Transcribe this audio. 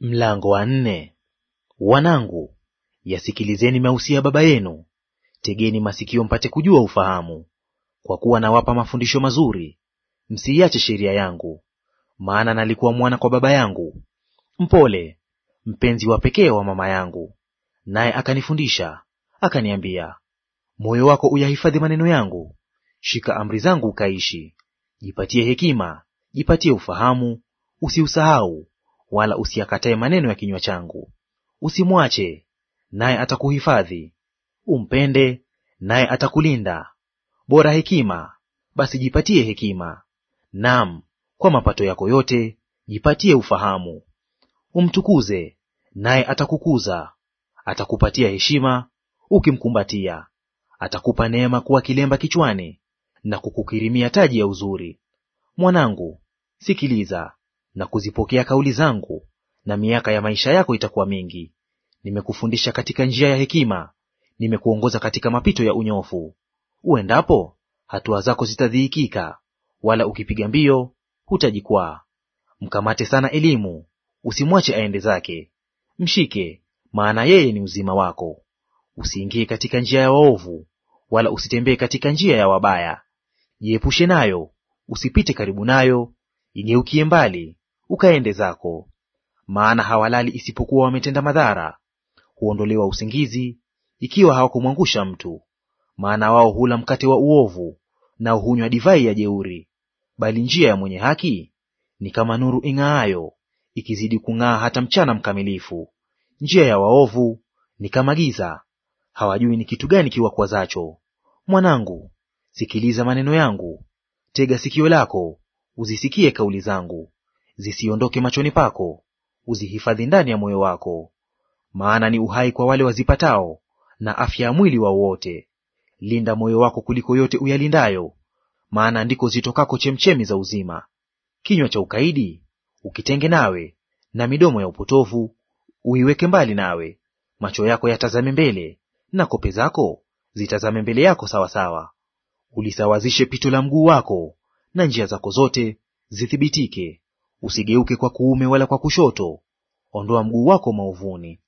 Mlango wa nne. Wanangu, yasikilizeni mausia ya baba yenu, tegeni masikio mpate kujua ufahamu. Kwa kuwa nawapa mafundisho mazuri, msiiache sheria yangu. Maana nalikuwa mwana kwa baba yangu, mpole, mpenzi wa pekee wa mama yangu, naye akanifundisha akaniambia, moyo wako uyahifadhi maneno yangu, shika amri zangu ukaishi. Jipatie hekima, jipatie ufahamu, usiusahau wala usiyakatae maneno ya kinywa changu. Usimwache, naye atakuhifadhi; umpende, naye atakulinda. Bora hekima, basi jipatie hekima; naam, kwa mapato yako yote jipatie ufahamu. Umtukuze, naye atakukuza; atakupatia heshima ukimkumbatia. Atakupa neema kuwa kilemba kichwani, na kukukirimia taji ya uzuri. Mwanangu, sikiliza, na kuzipokea kauli zangu, na miaka ya maisha yako itakuwa mingi. Nimekufundisha katika njia ya hekima, nimekuongoza katika mapito ya unyofu. Uendapo hatua zako zitadhiikika, wala ukipiga mbio hutajikwaa. Mkamate sana elimu, usimwache aende zake. Mshike, maana yeye ni uzima wako. Usiingie katika njia ya waovu, wala usitembee katika njia ya wabaya. Jiepushe nayo, usipite karibu nayo, igeukie mbali, ukaende zako. Maana hawalali isipokuwa wametenda madhara, huondolewa usingizi ikiwa hawakumwangusha mtu. Maana wao hula mkate wa uovu, nao hunywa divai ya jeuri. Bali njia ya mwenye haki ni kama nuru ing'aayo, ikizidi kung'aa hata mchana mkamilifu. Njia ya waovu ni kama giza, hawajui ni kitu gani kiwakwazacho. Mwanangu, sikiliza maneno yangu, tega sikio lako uzisikie kauli zangu zisiondoke machoni pako, uzihifadhi ndani ya moyo wako. Maana ni uhai kwa wale wazipatao, na afya ya mwili wao wote. Linda moyo wako kuliko yote uyalindayo, maana ndiko zitokako chemchemi za uzima. Kinywa cha ukaidi ukitenge nawe, na midomo ya upotovu uiweke mbali nawe. Macho yako yatazame mbele, na kope zako zitazame mbele yako sawasawa. Ulisawazishe pito la mguu wako, na njia zako zote zithibitike usigeuke kwa kuume wala kwa kushoto, ondoa mguu wako maovuni.